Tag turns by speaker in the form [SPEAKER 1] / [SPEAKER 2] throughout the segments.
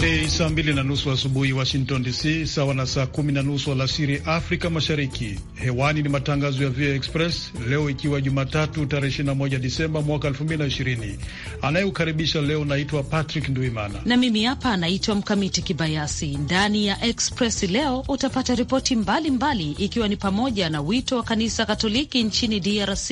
[SPEAKER 1] Ni saa mbili na nusu asubuhi wa Washington DC, sawa na saa kumi na nusu alasiri Afrika Mashariki. Hewani ni matangazo ya VOA Express leo, ikiwa Jumatatu tarehe 21 Disemba mwaka 2020. Anayeukaribisha leo naitwa Patrick Nduimana
[SPEAKER 2] na mimi hapa anaitwa Mkamiti Kibayasi. Ndani ya Express leo utapata ripoti mbalimbali, ikiwa ni pamoja na wito wa kanisa Katoliki nchini DRC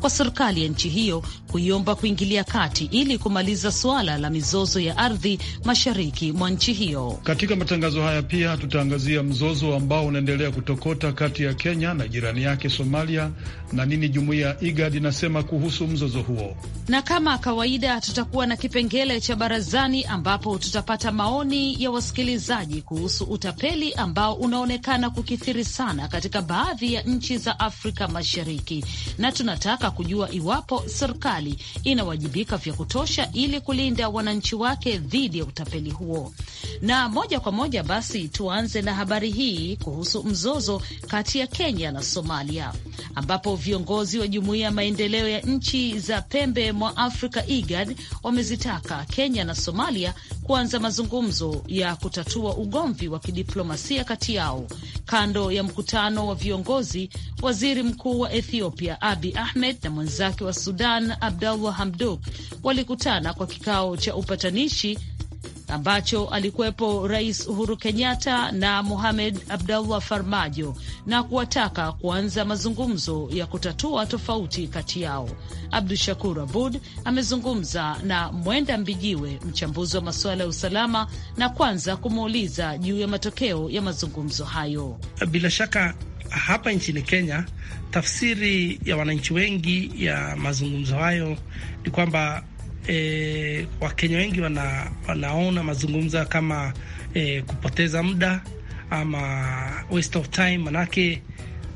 [SPEAKER 2] kwa serikali ya nchi hiyo kuiomba kuingilia kati ili kumaliza suala la mizozo ya ardhi mashariki mashariki mwa nchi hiyo.
[SPEAKER 1] Katika matangazo haya pia tutaangazia mzozo ambao unaendelea kutokota kati ya Kenya na jirani yake Somalia na nini jumuiya ya IGAD inasema kuhusu mzozo huo.
[SPEAKER 2] Na kama kawaida, tutakuwa na kipengele cha barazani ambapo tutapata maoni ya wasikilizaji kuhusu utapeli ambao unaonekana kukithiri sana katika baadhi ya nchi za Afrika Mashariki, na tunataka kujua iwapo serikali inawajibika vya kutosha ili kulinda wananchi wake dhidi ya utapeli huo. Na moja kwa moja basi tuanze na habari hii kuhusu mzozo kati ya Kenya na Somalia ambapo Viongozi wa jumuiya ya maendeleo ya nchi za pembe mwa Afrika, IGAD, wamezitaka Kenya na Somalia kuanza mazungumzo ya kutatua ugomvi wa kidiplomasia kati yao. Kando ya mkutano wa viongozi, waziri mkuu wa Ethiopia Abi Ahmed na mwenzake wa Sudan Abdallah Hamdok walikutana kwa kikao cha upatanishi ambacho alikuwepo Rais Uhuru Kenyatta na muhamed Abdallah Farmajo na kuwataka kuanza mazungumzo ya kutatua tofauti kati yao. Abdu Shakur Abud amezungumza na Mwenda Mbijiwe, mchambuzi wa masuala ya usalama, na kwanza kumuuliza juu ya matokeo ya mazungumzo hayo.
[SPEAKER 3] Bila shaka hapa nchini Kenya, tafsiri ya wananchi wengi ya mazungumzo hayo ni kwamba e, Wakenya wengi wana, wanaona mazungumzo kama e, kupoteza muda ama waste of time manake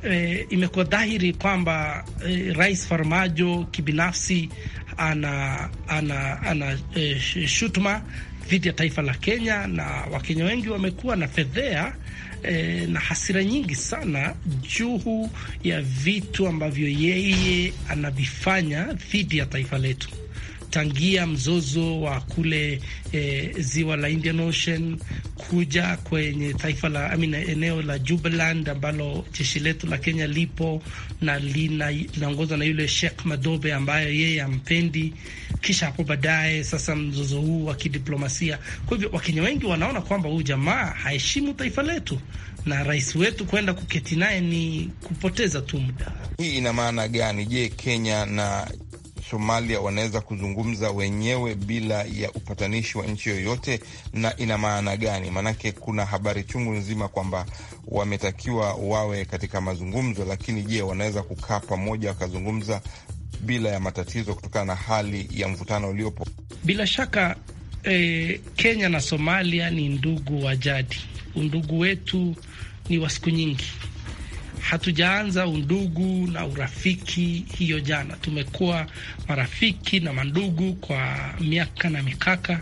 [SPEAKER 3] e, imekuwa dhahiri kwamba e, Rais Farmajo kibinafsi ana, ana, ana e, shutuma dhidi ya taifa la Kenya na Wakenya wengi wamekuwa na fedhea e, na hasira nyingi sana juu ya vitu ambavyo yeye anavifanya dhidi ya taifa letu tangia mzozo wa kule e, ziwa la Indian Ocean kuja kwenye taifa la I mean, eneo la Jubaland ambalo jeshi letu la Kenya lipo na linaongozwa na yule Sheikh Madobe ambayo yeye ampendi, kisha hapo baadaye sasa mzozo huu wa kidiplomasia. Kwa hivyo Wakenya wengi wanaona kwamba huyu jamaa haheshimu taifa letu na rais wetu kwenda kuketi naye ni kupoteza tu muda.
[SPEAKER 4] Hii ina maana gani? Je, Kenya na Somalia wanaweza kuzungumza wenyewe bila ya upatanishi wa nchi yoyote, na ina maana gani? Maanake kuna habari chungu nzima kwamba wametakiwa wawe katika mazungumzo, lakini je, wanaweza kukaa pamoja wakazungumza bila ya matatizo kutokana na hali ya mvutano uliopo?
[SPEAKER 3] Bila shaka eh, Kenya na Somalia ni ndugu wa jadi, undugu wetu ni wa siku nyingi hatujaanza undugu na urafiki hiyo jana. Tumekuwa marafiki na mandugu kwa miaka na mikaka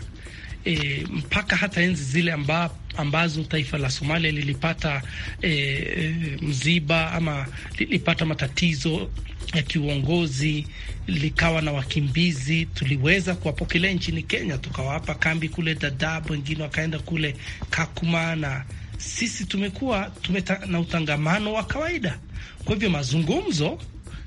[SPEAKER 3] e, mpaka hata enzi zile amba, ambazo taifa la Somalia lilipata e, e, mziba ama lilipata matatizo ya kiuongozi likawa na wakimbizi, tuliweza kuwapokelea nchini Kenya, tukawapa kambi kule Dadaab, wengine wakaenda kule Kakuma na sisi tumekuwa tume na utangamano wa kawaida. Kwa hivyo mazungumzo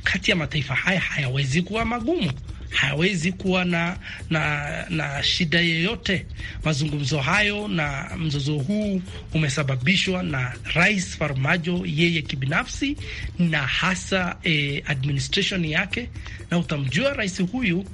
[SPEAKER 3] kati ya mataifa haya hayawezi kuwa magumu, hayawezi kuwa na, na, na shida yeyote. Mazungumzo hayo na mzozo huu umesababishwa na Rais Farmajo yeye kibinafsi na hasa eh, administration yake, na utamjua rais huyu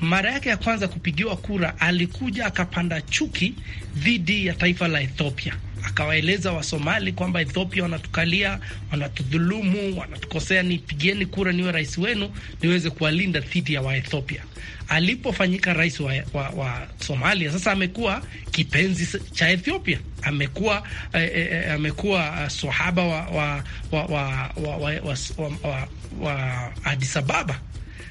[SPEAKER 3] mara yake ya kwanza kupigiwa kura alikuja akapanda chuki dhidi ya taifa la Ethiopia akawaeleza Wasomali kwamba Ethiopia wanatukalia, wanatudhulumu, wanatukosea, nipigeni kura niwe rais wenu niweze kuwalinda dhidi ya Waethiopia. Alipofanyika rais wa, wa, wa Somalia, sasa amekuwa kipenzi cha Ethiopia, amekuwa eh, eh, eh amekuwa eh, swahaba wa, wa, wa, wa, wa, wa, wa, wa, wa Addis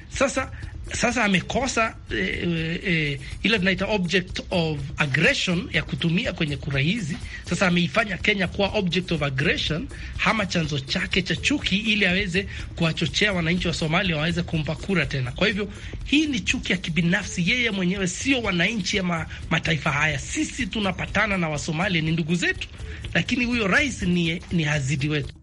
[SPEAKER 3] Sasa sasa amekosa eh, eh, eh, ile tunaita object of aggression ya kutumia kwenye kura hizi. Sasa ameifanya Kenya kuwa object of aggression, hama chanzo chake cha chuki, ili aweze kuwachochea wananchi wa Somalia waweze kumpa kura tena. Kwa hivyo hii ni chuki ya kibinafsi yeye mwenyewe, sio wananchi ama mataifa haya. Sisi tunapatana na Wasomalia, ni ndugu zetu, lakini huyo rais ni, ni hazidi wetu.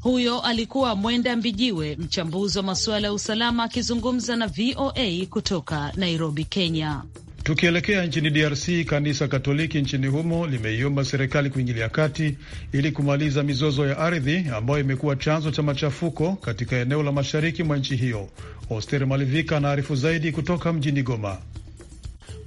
[SPEAKER 2] Huyo alikuwa Mwenda Mbijiwe, mchambuzi wa masuala ya usalama, akizungumza na VOA kutoka Nairobi, Kenya.
[SPEAKER 1] Tukielekea nchini DRC, kanisa Katoliki nchini humo limeiomba serikali kuingilia kati ili kumaliza mizozo ya ardhi ambayo imekuwa chanzo cha machafuko katika eneo la mashariki mwa nchi hiyo. Oster Malivika anaarifu zaidi kutoka mjini Goma.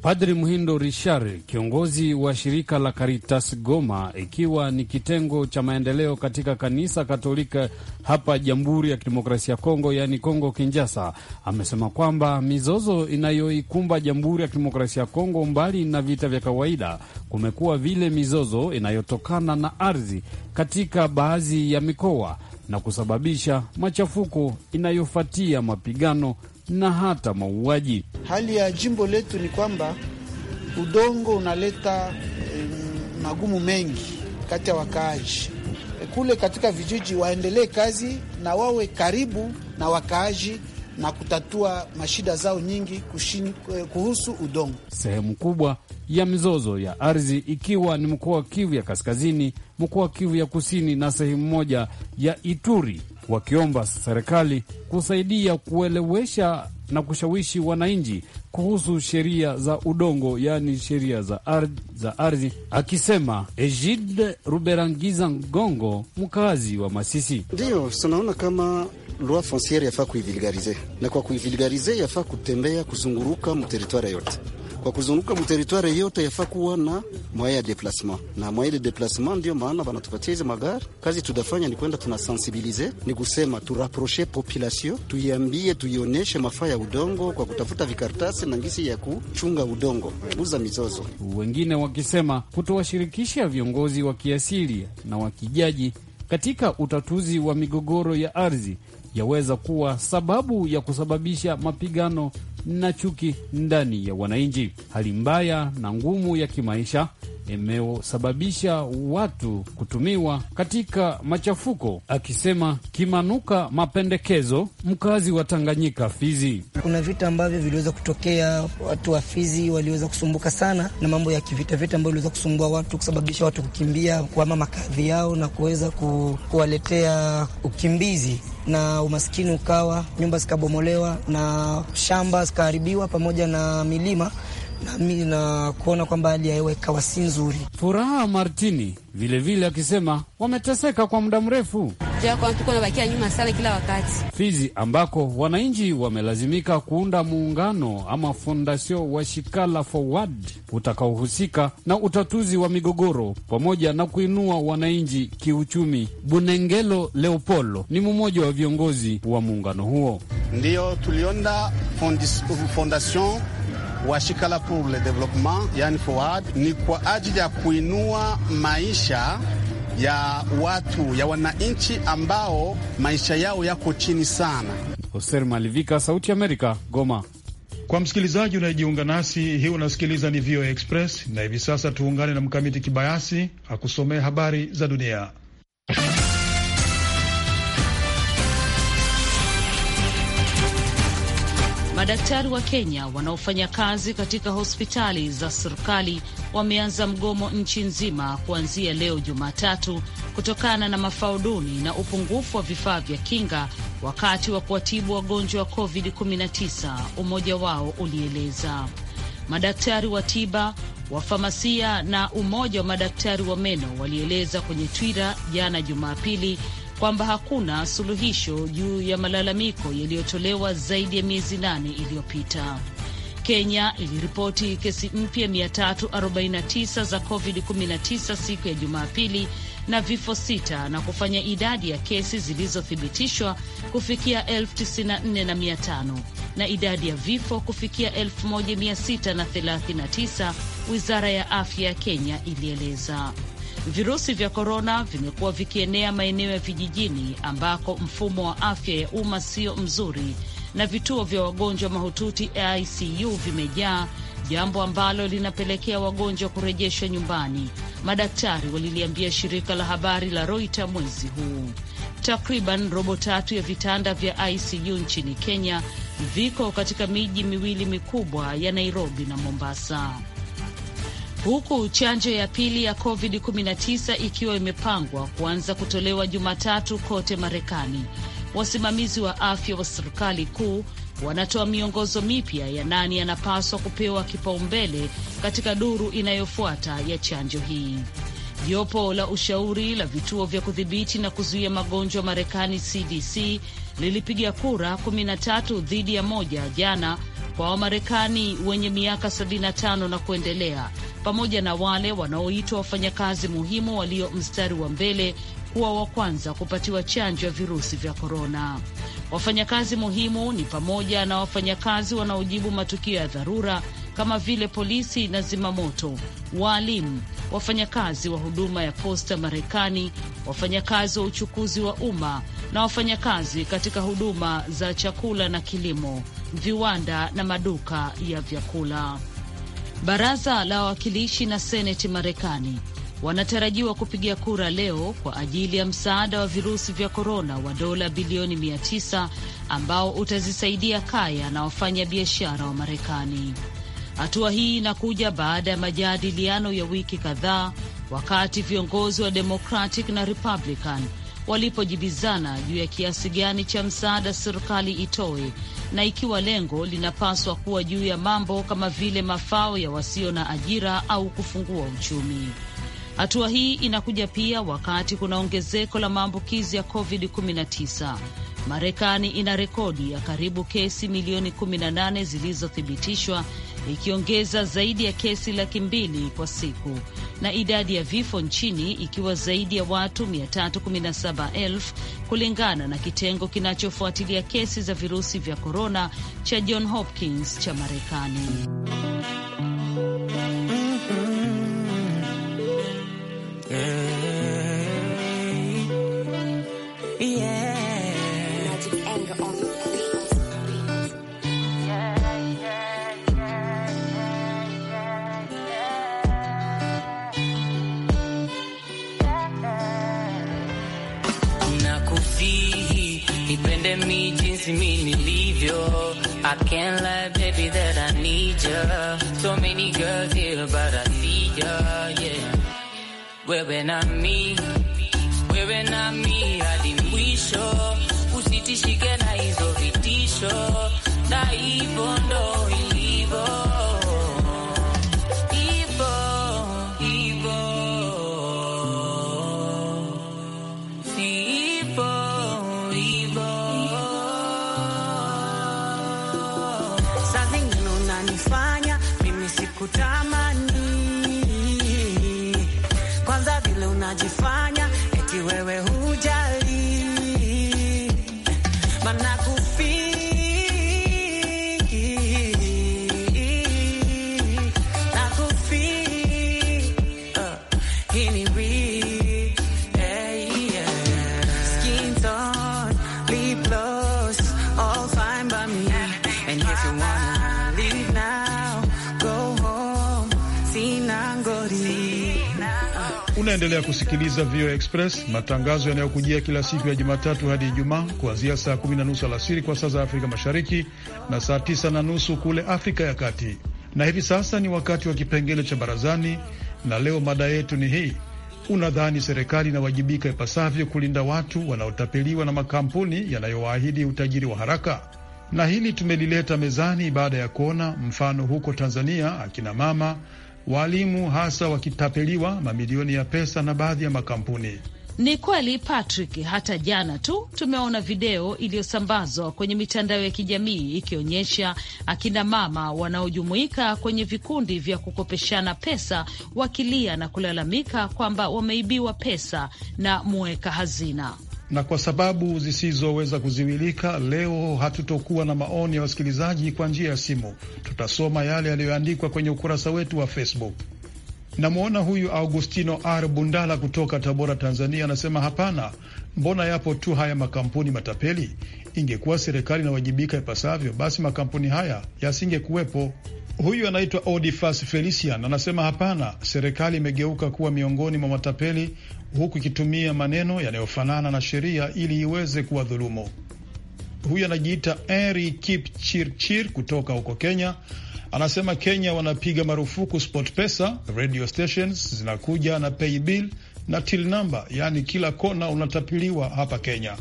[SPEAKER 1] Padri Mhindo Richard, kiongozi wa shirika la Caritas Goma, ikiwa
[SPEAKER 5] ni kitengo cha maendeleo katika kanisa Katolika hapa Jamhuri ya Kidemokrasia ya Kongo, yaani Kongo Kinjasa, amesema kwamba mizozo inayoikumba Jamhuri ya Kidemokrasia ya Kongo, mbali na vita vya kawaida, kumekuwa vile mizozo inayotokana na ardhi katika baadhi ya mikoa na kusababisha machafuko inayofuatia mapigano na hata mauaji.
[SPEAKER 6] Hali ya jimbo letu ni kwamba udongo unaleta um, magumu mengi kati ya wakaaji eh, kule katika vijiji, waendelee kazi na wawe karibu
[SPEAKER 5] na wakaaji na kutatua mashida zao nyingi kushini, eh, kuhusu udongo. Sehemu kubwa ya mizozo ya ardhi ikiwa ni mkoa wa Kivu ya Kaskazini, mkoa wa Kivu ya Kusini na sehemu moja ya Ituri wakiomba serikali kusaidia kuelewesha na kushawishi wananchi kuhusu sheria za udongo, yaani sheria za ardhi, za ardhi. Akisema Egide Ruberangiza Ngongo, mkazi wa Masisi: ndiyo tunaona kama loi fonciere yafaa kuivulgarize, na kwa kuivulgarize yafaa kutembea kuzunguruka mteritwara yote kwa kuzunguka mteritwari yote, yafaa kuwa na mwaya ya deplasma na mwaya de deplasma. Ndio maana wanatupatia hizi magari. Kazi tutafanya ni kwenda tunasensibilize, ni kusema turaproshe population, tuiambie, tuionyeshe mafaa ya udongo kwa kutafuta vikaratasi na ngisi ya kuchunga udongo, kupunguza mizozo. Wengine wakisema kutowashirikisha viongozi wa kiasili na wakijaji katika utatuzi wa migogoro ya ardhi yaweza kuwa sababu ya kusababisha mapigano na chuki ndani ya wananchi. Hali mbaya na ngumu ya kimaisha imesababisha watu kutumiwa katika machafuko, akisema Kimanuka Mapendekezo, mkazi wa Tanganyika Fizi.
[SPEAKER 6] Kuna vita ambavyo viliweza kutokea, watu wa Fizi waliweza kusumbuka sana na mambo ya kivita, vita ambayo iliweza kusumbua watu, kusababisha watu kukimbia kuama makazi yao na kuweza ku, kuwaletea ukimbizi na umaskini ukawa, nyumba zikabomolewa na shamba zikaharibiwa pamoja na milima
[SPEAKER 5] na, na kuona kwamba hali ya hewa ikawa si nzuri. Furaha Martini vilevile akisema vile wameteseka kwa muda mrefu,
[SPEAKER 2] nyuma sana kila wakati.
[SPEAKER 5] Fizi ambako wananchi wamelazimika kuunda muungano ama fondasio wa Shikala Forward utakaohusika na utatuzi wa migogoro pamoja na kuinua wananchi kiuchumi. Bunengelo Leopolo ni mmoja wa viongozi wa muungano huo. Ndiyo tulionda fondasio wa Shirika pour le Development, yani FOAD, ni kwa ajili ya kuinua maisha ya watu ya wananchi ambao maisha yao yako chini sana.
[SPEAKER 1] Hoser Malivika, Sauti Amerika, Goma. Kwa msikilizaji unayejiunga nasi, hii unasikiliza ni VOA Express, na hivi sasa tuungane na Mkamiti Kibayasi akusomee habari za dunia.
[SPEAKER 2] Madaktari wa Kenya wanaofanya kazi katika hospitali za serikali wameanza mgomo nchi nzima kuanzia leo Jumatatu kutokana na mafao duni na upungufu wa vifaa vya kinga wakati wa kuwatibu wagonjwa wa COVID-19, umoja wao ulieleza. Madaktari wa tiba wafamasia na umoja wa madaktari wa meno walieleza kwenye Twitter jana Jumapili kwamba hakuna suluhisho juu ya malalamiko yaliyotolewa zaidi ya miezi nane iliyopita. Kenya iliripoti kesi mpya 349 za COVID-19 siku ya Jumapili na vifo sita na kufanya idadi ya kesi zilizothibitishwa kufikia 94,500 na idadi ya vifo kufikia 1,639, wizara ya afya ya Kenya ilieleza. Virusi vya korona vimekuwa vikienea maeneo ya vijijini ambako mfumo wa afya ya umma sio mzuri na vituo vya wagonjwa mahututi ICU vimejaa, jambo ambalo linapelekea wagonjwa kurejeshwa nyumbani, madaktari waliliambia shirika la habari la Reuters mwezi huu. Takriban robo tatu ya vitanda vya ICU nchini Kenya viko katika miji miwili mikubwa ya Nairobi na Mombasa huku chanjo ya pili ya COVID-19 ikiwa imepangwa kuanza kutolewa Jumatatu kote Marekani. Wasimamizi wa afya wa serikali kuu wanatoa miongozo mipya ya nani yanapaswa kupewa kipaumbele katika duru inayofuata ya chanjo hii. Jopo la ushauri la vituo vya kudhibiti na kuzuia magonjwa Marekani, CDC, lilipiga kura 13 dhidi ya moja jana kwa Wamarekani wenye miaka 75 na kuendelea pamoja na wale wanaoitwa wafanyakazi muhimu walio mstari wa mbele kuwa wa kwanza kupatiwa chanjo ya virusi vya korona. Wafanyakazi muhimu ni pamoja na wafanyakazi wanaojibu matukio ya dharura kama vile polisi na zimamoto, waalimu, wafanyakazi wa huduma ya posta Marekani, wafanyakazi wa uchukuzi wa umma na wafanyakazi katika huduma za chakula na kilimo, viwanda na maduka ya vyakula. Baraza la Wawakilishi na Seneti Marekani wanatarajiwa kupiga kura leo kwa ajili ya msaada wa virusi vya korona wa dola bilioni 900 ambao utazisaidia kaya na wafanyabiashara wa Marekani. Hatua hii inakuja baada ya majadiliano ya wiki kadhaa wakati viongozi wa Democratic na Republican walipojibizana juu ya kiasi gani cha msaada serikali itoe na ikiwa lengo linapaswa kuwa juu ya mambo kama vile mafao ya wasio na ajira au kufungua uchumi. Hatua hii inakuja pia wakati kuna ongezeko la maambukizi ya COVID-19. Marekani ina rekodi ya karibu kesi milioni 18 zilizothibitishwa ikiongeza zaidi ya kesi laki mbili kwa siku na idadi ya vifo nchini ikiwa zaidi ya watu 317,000 kulingana na kitengo kinachofuatilia kesi za virusi vya korona cha John Hopkins cha Marekani. I can't lie, baby, that I need ya. So many girls here, but I see ya, yeah. Well, when I meet
[SPEAKER 7] unanifanya mimi sikutamani, kwanza vile unajifanya eti wewe
[SPEAKER 1] Unaendelea kusikiliza VOA Express, matangazo yanayokujia kila siku ya Jumatatu hadi Ijumaa, kuanzia saa kumi na nusu alasiri kwa saa za Afrika Mashariki na saa tisa na nusu kule Afrika ya Kati. Na hivi sasa ni wakati wa kipengele cha Barazani, na leo mada yetu ni hii: unadhani serikali inawajibika ipasavyo kulinda watu wanaotapeliwa na makampuni yanayowaahidi utajiri wa haraka? Na hili tumelileta mezani baada ya kuona mfano huko Tanzania, akina mama walimu hasa wakitapeliwa mamilioni ya pesa na baadhi ya makampuni.
[SPEAKER 2] Ni kweli Patrick, hata jana tu tumeona video iliyosambazwa kwenye mitandao ya kijamii ikionyesha akina mama wanaojumuika kwenye vikundi vya kukopeshana pesa wakilia na kulalamika kwamba wameibiwa pesa na muweka hazina
[SPEAKER 1] na kwa sababu zisizoweza kuziwilika, leo hatutokuwa na maoni ya wasikilizaji kwa njia ya simu. Tutasoma yale yaliyoandikwa kwenye ukurasa wetu wa Facebook. Namwona huyu Augustino R Bundala kutoka Tabora, Tanzania, anasema hapana, mbona yapo tu haya makampuni matapeli? Ingekuwa serikali inawajibika ipasavyo, basi makampuni haya yasingekuwepo. Huyu anaitwa Odifas Felician, anasema hapana, serikali imegeuka kuwa miongoni mwa matapeli, huku ikitumia maneno yanayofanana na sheria ili iweze kuwadhulumu. Huyu anajiita Henry Kipchirchir kutoka huko Kenya, anasema Kenya wanapiga marufuku Pesa, radio stations zinakuja na bill na till number, yaani kila kona unatapiliwa hapa Kenya.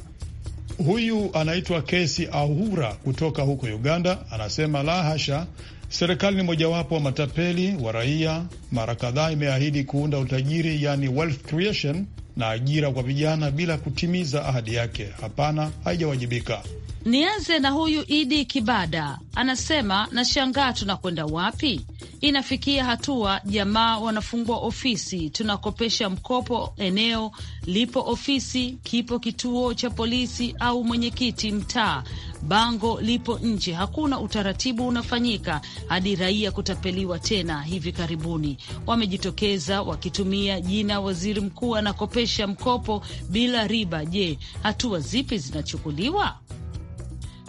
[SPEAKER 1] Huyu anaitwa Kesi Ahura kutoka huko Uganda, anasema la hasha Serikali ni mojawapo wa matapeli wa raia. Mara kadhaa imeahidi kuunda utajiri, yani wealth creation, na ajira kwa vijana bila kutimiza ahadi yake. Hapana, haijawajibika.
[SPEAKER 2] Nianze na huyu Idi Kibada, anasema nashangaa tunakwenda wapi? Inafikia hatua jamaa wanafungua ofisi, tunakopesha mkopo eneo lipo ofisi, kipo kituo cha polisi au mwenyekiti mtaa, bango lipo nje. Hakuna utaratibu unafanyika hadi raia kutapeliwa tena. Hivi karibuni wamejitokeza wakitumia jina waziri mkuu anakopesha mkopo bila riba. Je, hatua zipi zinachukuliwa?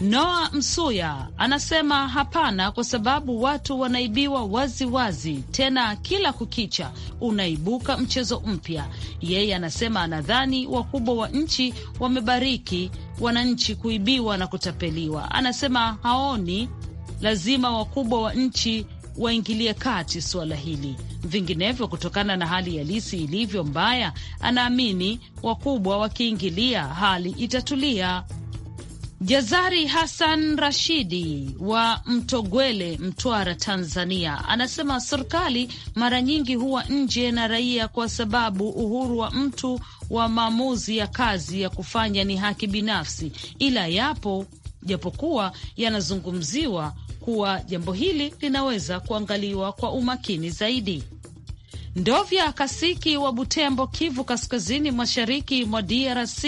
[SPEAKER 2] Noa Msuya anasema hapana, kwa sababu watu wanaibiwa waziwazi wazi, tena kila kukicha unaibuka mchezo mpya. Yeye anasema anadhani wakubwa wa nchi wamebariki wananchi kuibiwa na kutapeliwa. Anasema haoni lazima wakubwa wa nchi waingilie kati suala hili, vinginevyo kutokana na hali halisi ilivyo mbaya, anaamini wakubwa wakiingilia hali itatulia. Jazari Hassan Rashidi wa Mtogwele, Mtwara, Tanzania, anasema serikali mara nyingi huwa nje na raia, kwa sababu uhuru wa mtu wa maamuzi ya kazi ya kufanya ni haki binafsi, ila yapo japokuwa yanazungumziwa kuwa jambo hili linaweza kuangaliwa kwa umakini zaidi. Ndovya Kasiki wa Butembo, Kivu Kaskazini, mashariki mwa DRC,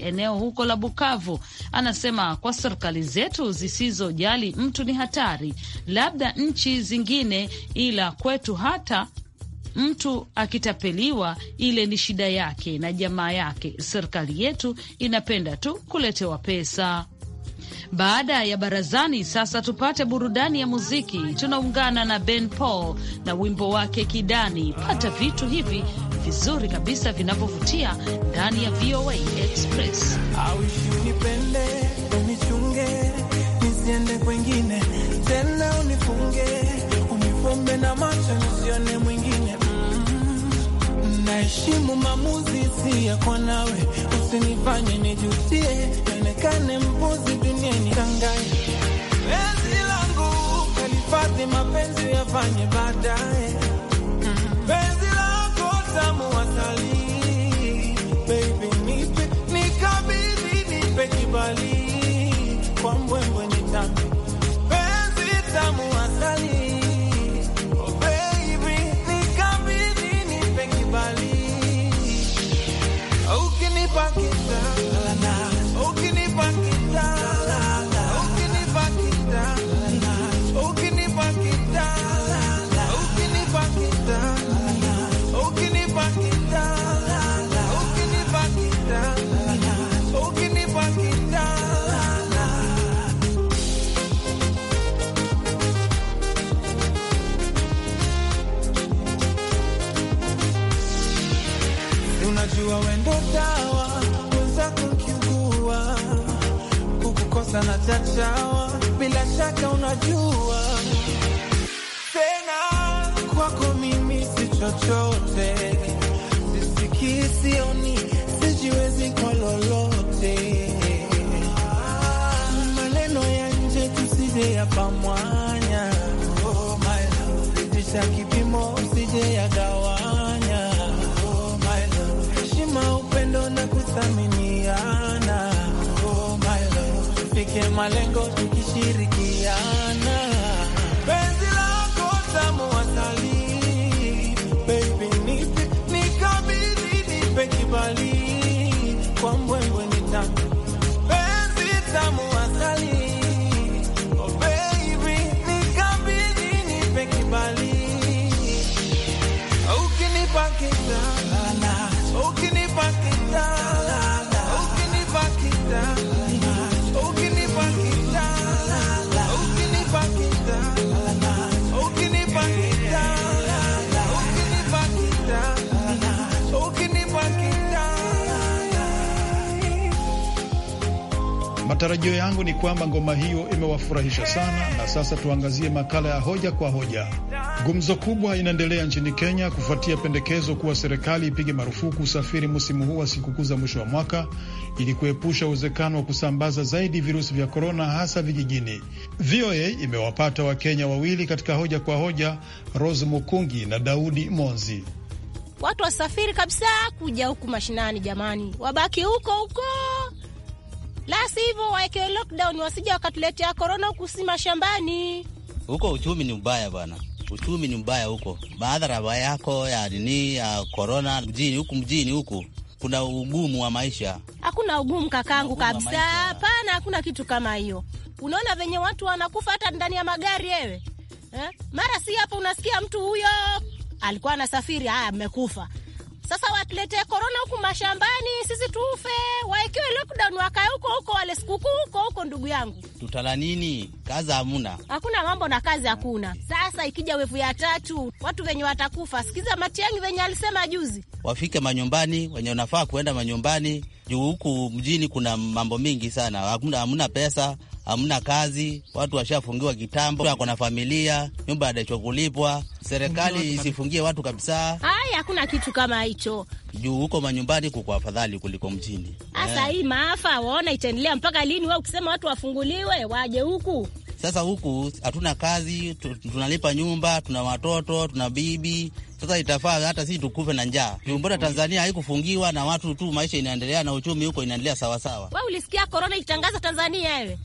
[SPEAKER 2] eneo huko la Bukavu, anasema kwa serikali zetu zisizojali mtu ni hatari, labda nchi zingine, ila kwetu hata mtu akitapeliwa ile ni shida yake na jamaa yake. Serikali yetu inapenda tu kuletewa pesa. Baada ya barazani, sasa tupate burudani ya muziki. Tunaungana na Ben Paul na wimbo wake Kidani. Pata vitu hivi vizuri kabisa vinavyovutia ndani ya VOA Express.
[SPEAKER 7] unichunge, nisiende kwengine tena, unifunge, unifumbe na macho nisione mwingine. Mm-hmm. Naheshimu maamuzi si yako, nawe usinifanye nijutie, tukafanye baadaye. dawa wenzako kiugua, kukukosa na chachawa, bila shaka unajua tena. Kwako mimi si chochote, sisikii, sioni, sijiwezi kwa lolote malengo tukishiriki
[SPEAKER 1] Matarajio yangu ni kwamba ngoma hiyo imewafurahisha sana, na sasa tuangazie makala ya hoja kwa hoja. Gumzo kubwa inaendelea nchini Kenya kufuatia pendekezo kuwa serikali ipige marufuku usafiri msimu huu wa sikukuu za mwisho wa mwaka ili kuepusha uwezekano wa kusambaza zaidi virusi vya korona, hasa vijijini. VOA imewapata Wakenya wawili katika hoja kwa hoja, Rose Mukungi na Daudi Monzi.
[SPEAKER 8] Watu wasafiri kabisa kuja huku mashinani, jamani, wabaki huko huko la sivyo waeke lockdown, wasija wakatuletea korona huku si mashambani.
[SPEAKER 6] Huko uchumi ni mbaya bwana, uchumi ni mbaya huko. Madhara yako ya nini ya korona mjini huku, mjini huku kuna ugumu wa maisha.
[SPEAKER 8] Hakuna ugumu kakangu, kabisa. Hapana, hakuna kitu kama hiyo. Unaona venye watu wanakufa hata ndani ya magari ewe eh? Mara si hapo unasikia mtu huyo alikuwa anasafiri, haya, mmekufa sasa watuletee korona huku mashambani, sisi tuufe. Waikiwe lockdown, wakae huko huko, wale sikukuu huko huko. Ndugu yangu,
[SPEAKER 6] tutala nini? Kazi hamuna,
[SPEAKER 8] hakuna mambo na kazi hakuna. Sasa ikija wevu ya tatu, watu venye watakufa. Sikiza Matiang'i venye alisema juzi,
[SPEAKER 6] wafike manyumbani, wenye unafaa kuenda manyumbani juu huku mjini kuna mambo mingi sana, hamna pesa, hamna kazi, watu washafungiwa kitambo, ako na familia, nyumba adacho kulipwa. Serikali isifungie watu kabisa.
[SPEAKER 8] Haya, hakuna kitu kama hicho
[SPEAKER 6] juu huko manyumbani kuko afadhali kuliko mjini. Sasa eh.
[SPEAKER 8] hii maafa waona itaendelea mpaka lini? Wa ukisema watu wafunguliwe waje huku
[SPEAKER 6] sasa huku hatuna kazi, tunalipa nyumba, tuna watoto, tuna bibi. Sasa itafaa hata sisi tukufe na njaa? Mbona Tanzania haikufungiwa na watu tu, maisha inaendelea na uchumi huko inaendelea sawasawa.
[SPEAKER 8] We ulisikia korona ikitangaza Tanzania? Wewe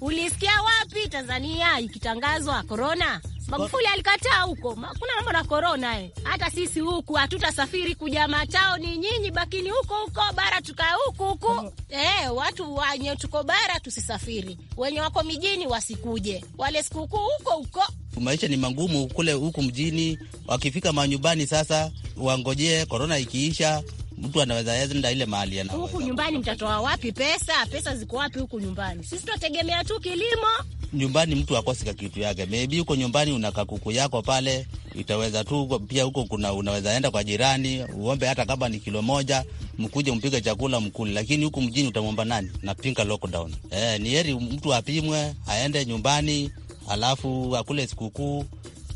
[SPEAKER 8] ulisikia wapi Tanzania ikitangazwa korona? Magufuli alikataa huko, kuna mambo na korona eh. Hata sisi huku hatutasafiri kuja matao, ni nyinyi bakini huko huko, bara tukae huku huku mm-hmm. eh, watu wenye tuko bara tusisafiri, wenye wako mijini wasikuje, wale sikukuu huko huko.
[SPEAKER 6] Maisha ni magumu kule huku mjini, wakifika manyumbani sasa wangojee korona ikiisha mtu anaweza enda yaani ile mahali anaweza.
[SPEAKER 8] Huku nyumbani mtatoa wapi pesa? Pesa ziko wapi huku nyumbani? Sisi tunategemea tu kilimo.
[SPEAKER 6] Nyumbani mtu akosika kitu yake, maybe huko nyumbani una kakuku yako pale, itaweza tu pia. Huko kuna unaweza enda kwa jirani uombe, hata kama ni kilo moja, mkuje mpige chakula mkuli. Lakini huku mjini utamwomba nani? Na pinga lockdown. Eh, ni heri mtu apimwe aende nyumbani, alafu akule sikukuu,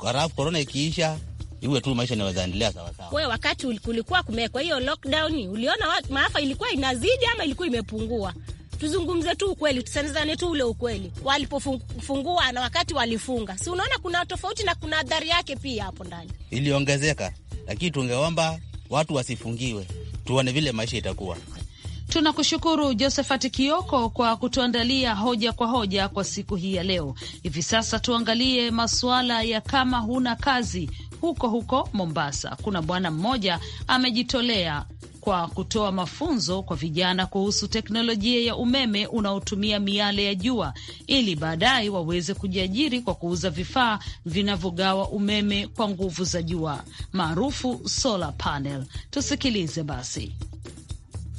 [SPEAKER 6] halafu korona ikiisha iwe tu maisha inawezaendelea sawasawa.
[SPEAKER 8] Wewe wakati kulikuwa kumekwa hiyo lockdown, uliona maafa ilikuwa inazidi ama ilikuwa imepungua? Tuzungumze tu ukweli, tusemezane tu ule ukweli, walipofungua na wakati walifunga, si unaona kuna tofauti na kuna adhari yake pia hapo ndani
[SPEAKER 6] iliongezeka, lakini tungeomba watu wasifungiwe, tuone vile maisha itakuwa.
[SPEAKER 2] Tunakushukuru Josephat Kioko kwa kutuandalia hoja kwa hoja kwa siku hii ya leo. Hivi sasa tuangalie masuala ya kama huna kazi huko huko Mombasa, kuna bwana mmoja amejitolea kwa kutoa mafunzo kwa vijana kuhusu teknolojia ya umeme unaotumia miale ya jua ili baadaye waweze kujiajiri kwa kuuza vifaa vinavyogawa umeme kwa nguvu za jua maarufu solar panel. Tusikilize basi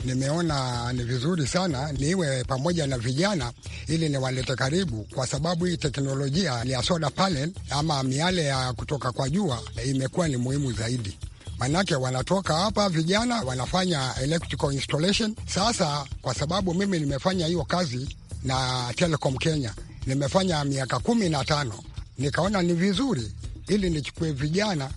[SPEAKER 4] nimeona ni vizuri sana niwe pamoja na vijana ili niwalete karibu, kwa sababu hii teknolojia ya soda panel ama miale ya kutoka kwa jua imekuwa ni muhimu zaidi. Manake wanatoka hapa vijana wanafanya electrical installation. Sasa kwa sababu mimi nimefanya hiyo kazi na Telecom Kenya nimefanya miaka kumi na tano, nikaona ni vizuri ili nichukue vijana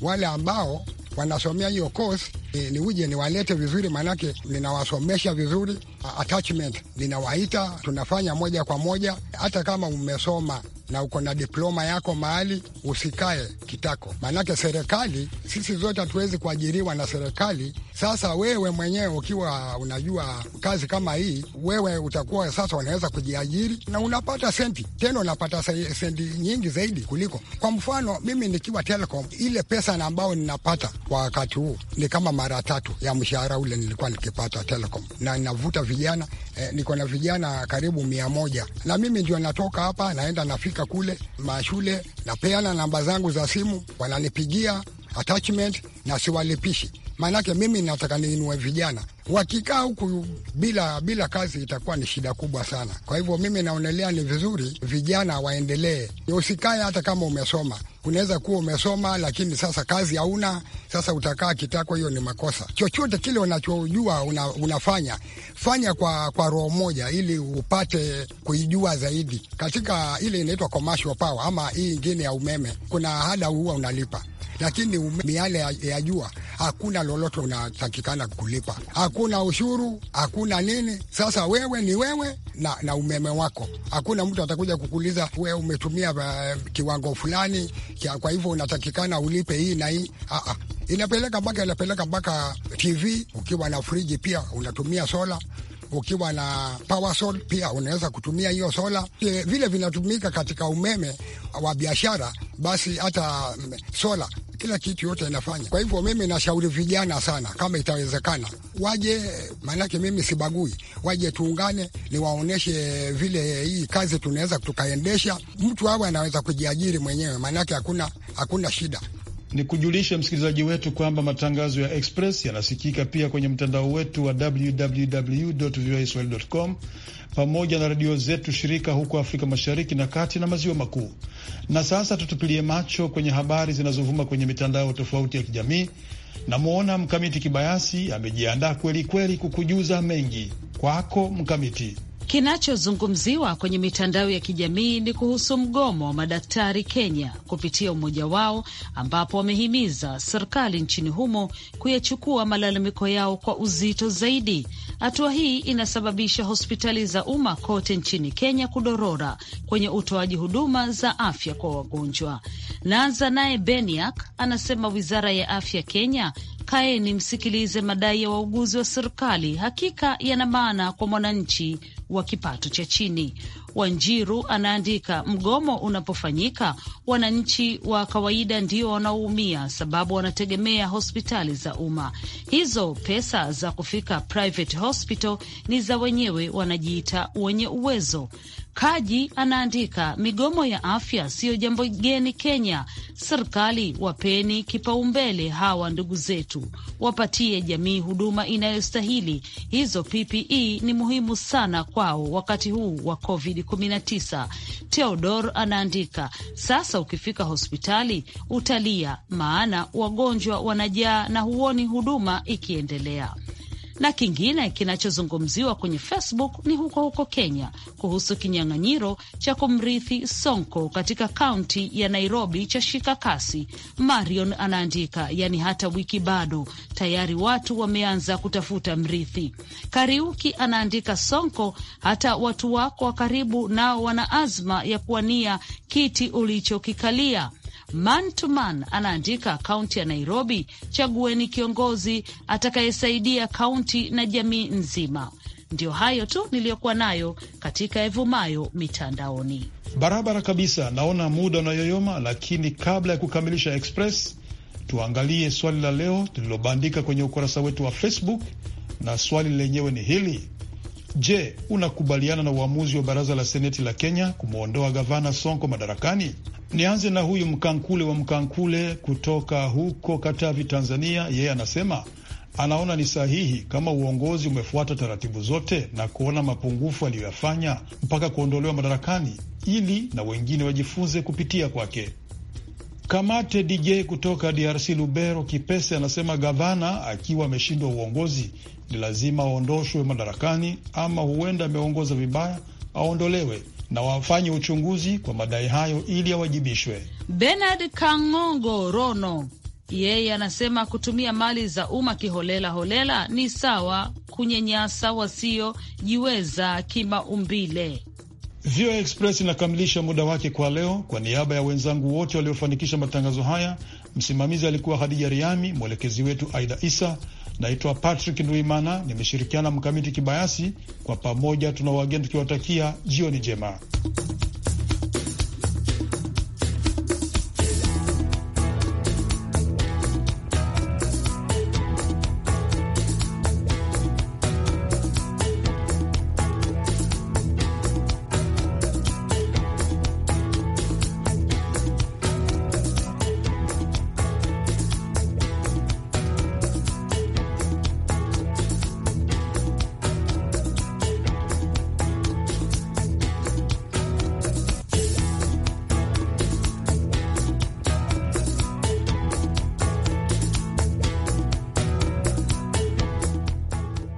[SPEAKER 4] wale ambao wanasomea hiyo course ni, ni uje niwalete vizuri, maanake ninawasomesha vizuri attachment, ninawaita tunafanya moja kwa moja. Hata kama umesoma na uko na diploma yako mahali, usikae kitako, maanake serikali, sisi zote hatuwezi kuajiriwa na serikali. Sasa wewe mwenyewe ukiwa unajua kazi kama hii, wewe utakuwa sasa unaweza kujiajiri na unapata senti tena, unapata senti nyingi zaidi kuliko, kwa mfano mimi nikiwa Telecom, ile pesa ambayo ninapata kwa wakati huu ni kama mara tatu ya mshahara ule nilikuwa nikipata Telecom, na navuta vijana eh, niko na vijana karibu mia moja na mimi ndio natoka hapa naenda nafika kule mashule, napeana namba zangu za simu, wananipigia attachment na siwalipishi, maanake mimi nataka niinue vijana wakikaa huku bila bila kazi itakuwa ni shida kubwa sana. Kwa hivyo mimi naonelea ni vizuri vijana waendelee, usikae hata kama umesoma unaweza kuwa umesoma lakini sasa kazi hauna, sasa utakaa kitako. Hiyo ni makosa. Chochote kile unachojua una, unafanya fanya kwa, kwa roho moja, ili upate kuijua zaidi. Katika ile inaitwa commercial power ama hii ingine ya umeme, kuna ada huwa unalipa lakini miale ya, ya jua hakuna lolote unatakikana kulipa, hakuna ushuru, hakuna nini. Sasa wewe ni wewe na, na umeme wako, hakuna mtu atakuja kukuuliza wewe umetumia uh, kiwango fulani kia, kwa hivyo unatakikana ulipe hii na hii ah, Inapeleka mpaka inapeleka mpaka TV ukiwa na friji pia unatumia sola ukiwa na power pia unaweza kutumia hiyo sola, vile vinatumika katika umeme wa biashara, basi hata mm, sola kila kitu yote inafanya. Kwa hivyo mimi nashauri vijana sana, kama itawezekana waje, maanake mimi sibagui, waje tuungane, niwaonyeshe vile hii kazi tunaweza tukaendesha. Mtu awe anaweza kujiajiri mwenyewe, maanake hakuna hakuna shida
[SPEAKER 1] ni kujulishe msikilizaji wetu kwamba matangazo ya Express yanasikika pia kwenye mtandao wetu wa www com pamoja na redio zetu shirika huko Afrika Mashariki na Kati na Maziwa Makuu. Na sasa tutupilie macho kwenye habari zinazovuma kwenye mitandao tofauti ya kijamii. Namwona Mkamiti Kibayasi amejiandaa kweli kweli kukujuza mengi. Kwako Mkamiti.
[SPEAKER 2] Kinachozungumziwa kwenye mitandao ya kijamii ni kuhusu mgomo wa madaktari Kenya kupitia umoja wao, ambapo wamehimiza serikali nchini humo kuyachukua malalamiko yao kwa uzito zaidi. Hatua hii inasababisha hospitali za umma kote nchini Kenya kudorora kwenye utoaji huduma za afya kwa wagonjwa. Naanza naye Beniak anasema wizara ya afya Kenya Kaeni msikilize madai ya wauguzi wa serikali, hakika yana maana kwa mwananchi wa kipato cha chini. Wanjiru anaandika, mgomo unapofanyika wananchi wa kawaida ndio wanaoumia, sababu wanategemea hospitali za umma. Hizo pesa za kufika private hospital ni za wenyewe, wanajiita wenye uwezo. Kaji anaandika, migomo ya afya siyo jambo geni Kenya. Serikali, wapeni kipaumbele hawa ndugu zetu, wapatie jamii huduma inayostahili. Hizo PPE ni muhimu sana kwao wakati huu wa COVID COVID-19. Teodor anaandika, sasa ukifika hospitali utalia, maana wagonjwa wanajaa na huoni huduma ikiendelea. Na kingine kinachozungumziwa kwenye Facebook ni huko huko Kenya kuhusu kinyang'anyiro cha kumrithi Sonko katika kaunti ya Nairobi cha shika kasi. Marion anaandika, yani hata wiki bado tayari watu wameanza kutafuta mrithi. Kariuki anaandika, Sonko, hata watu wako wa karibu nao wana azma ya kuwania kiti ulichokikalia Man to Man anaandika kaunti ya Nairobi, chagueni kiongozi atakayesaidia kaunti na jamii nzima. ndio hayo tu niliyokuwa nayo katika evumayo mitandaoni.
[SPEAKER 1] Barabara kabisa, naona muda unayoyoma, lakini kabla ya kukamilisha express, tuangalie swali la leo tulilobandika kwenye ukurasa wetu wa Facebook, na swali lenyewe ni hili: Je, unakubaliana na uamuzi wa baraza la seneti la Kenya kumwondoa gavana Sonko madarakani? Nianze na huyu Mkankule wa Mkankule kutoka huko Katavi, Tanzania. Yeye anasema anaona ni sahihi kama uongozi umefuata taratibu zote na kuona mapungufu aliyoyafanya mpaka kuondolewa madarakani, ili na wengine wajifunze kupitia kwake. Kamate DJ kutoka DRC Lubero Kipese anasema gavana akiwa ameshindwa uongozi ni lazima aondoshwe madarakani, ama huenda ameongoza vibaya, aondolewe na wafanye uchunguzi kwa madai hayo ili awajibishwe.
[SPEAKER 2] Bernard Kangongo Rono yeye anasema kutumia mali za umma kiholela holela ni sawa kunyanyasa wasiojiweza kimaumbile.
[SPEAKER 1] VOA Express inakamilisha muda wake kwa leo. Kwa niaba ya wenzangu wote waliofanikisha matangazo haya, msimamizi alikuwa Hadija Riami, mwelekezi wetu Aida Isa. Naitwa Patrick Nduimana, nimeshirikiana Mkamiti Kibayasi. Kwa pamoja tuna wageni tukiwatakia jioni njema.